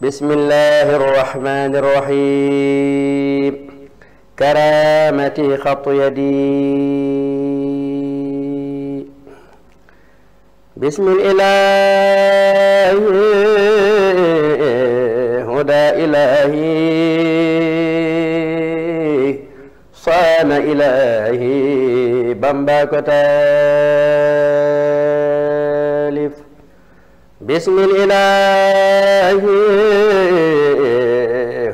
بسم الله الرحمن الرحيم كرامتي خط يدي بسم الإله هدى إلهي صان إلهي بمبا كتاب بسم الإله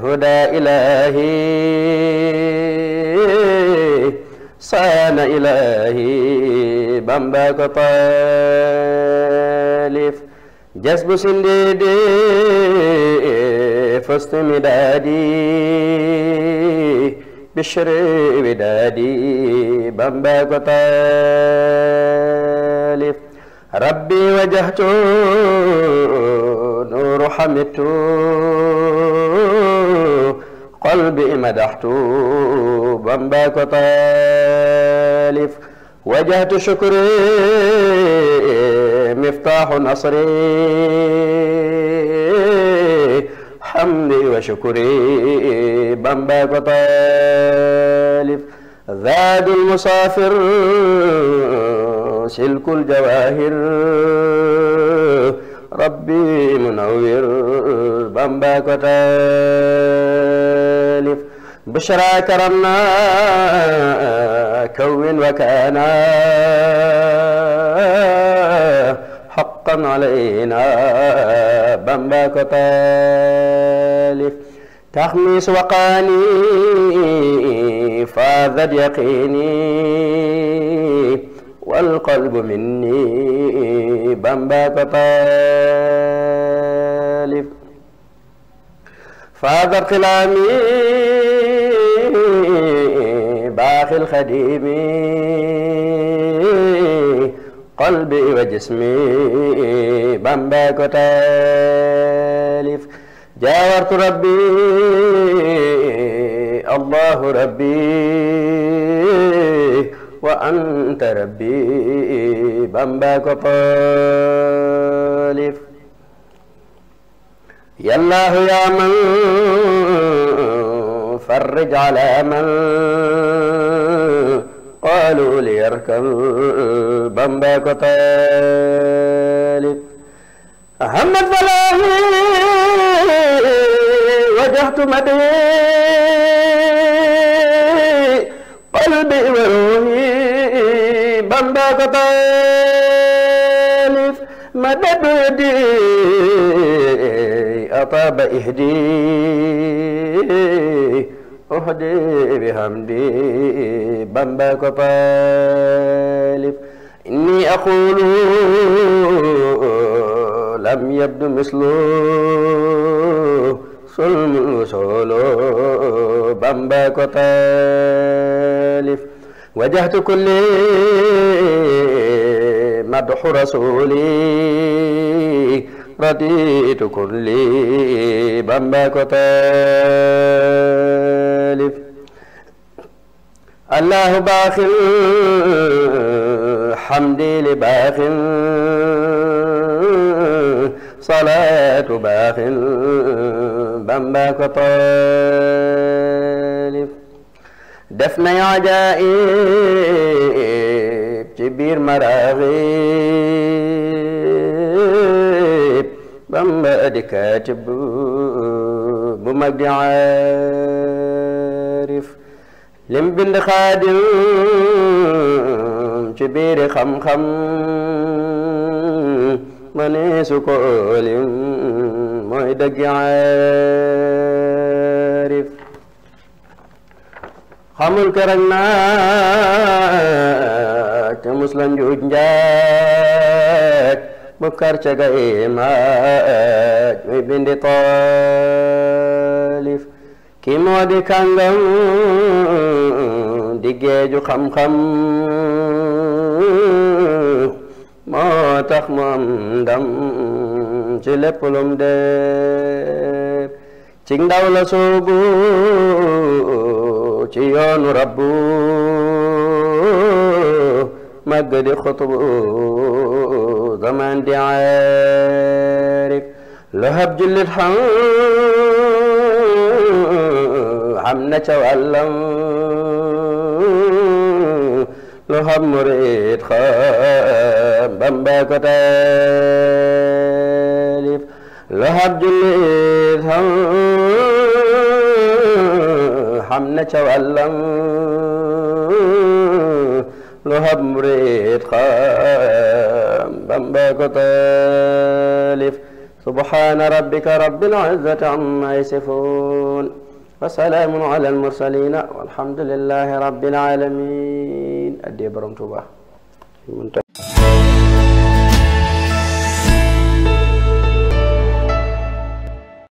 هدى إلهي صان إلهي بمباك طالف جسب سنديدي فست مدادي بشر ودادي بمباك طالف rabbi wajahtu nuuru xamitu qalbi madaxtu bamba ko taalif wajahtu shukri miftaaxu nasri hamdi wa shukri bamba ko taalif zaadul musaafir سلك الجواهر ربي منور بمباك وتالف بشرى كرمنا كون وكانا حقا علينا بمباك وتالف تخميس وقاني فاذت يقيني والقلب مني بمبا كطالب فاذا ارتلامي باخي الخديم قلبي وجسمي بمبا كطالب جاورت ربي الله ربي wa anta rabbi bamba ko polif yallahu ya man farrij ala man qalu liyarkab bamba ko talif ahmad falahi wajahtu madi qalbi Bamba ko taalif ma dabdi ataba ihdi uhdi bihamdi Bamba ko taalif inni aqulu lam yabdu mislu sulmun solo Bamba ko taalif وجهت كل مدح رسولي رديت كل بمباك وتالف الله باخ حمدي لباخ صلاة باخ بمباك وتالف def na ajaib ci biir maraxib bamba di bu mag di aarif lim xaadim ci xam-xam ma ne lim mooy dëgg aarif amul kërag naak te mus la njuuj njaak mu ga imaaj muy bindi taalif ki moo di kàngam di géeju xam-xam moo tax mu am ci lépp lum dee ci ndaw la ci yoonu rabbu màggali xutubu zaman di aarif lu hab jullit xam xam na ca wàllam lu hab murit xam bamba ko taalif lu hab jullit نتعلم لهب مريد خام بمبا كتالف سبحان ربك رب العزة عما يصفون وسلام على المرسلين والحمد لله رب العالمين أدي برمتوبة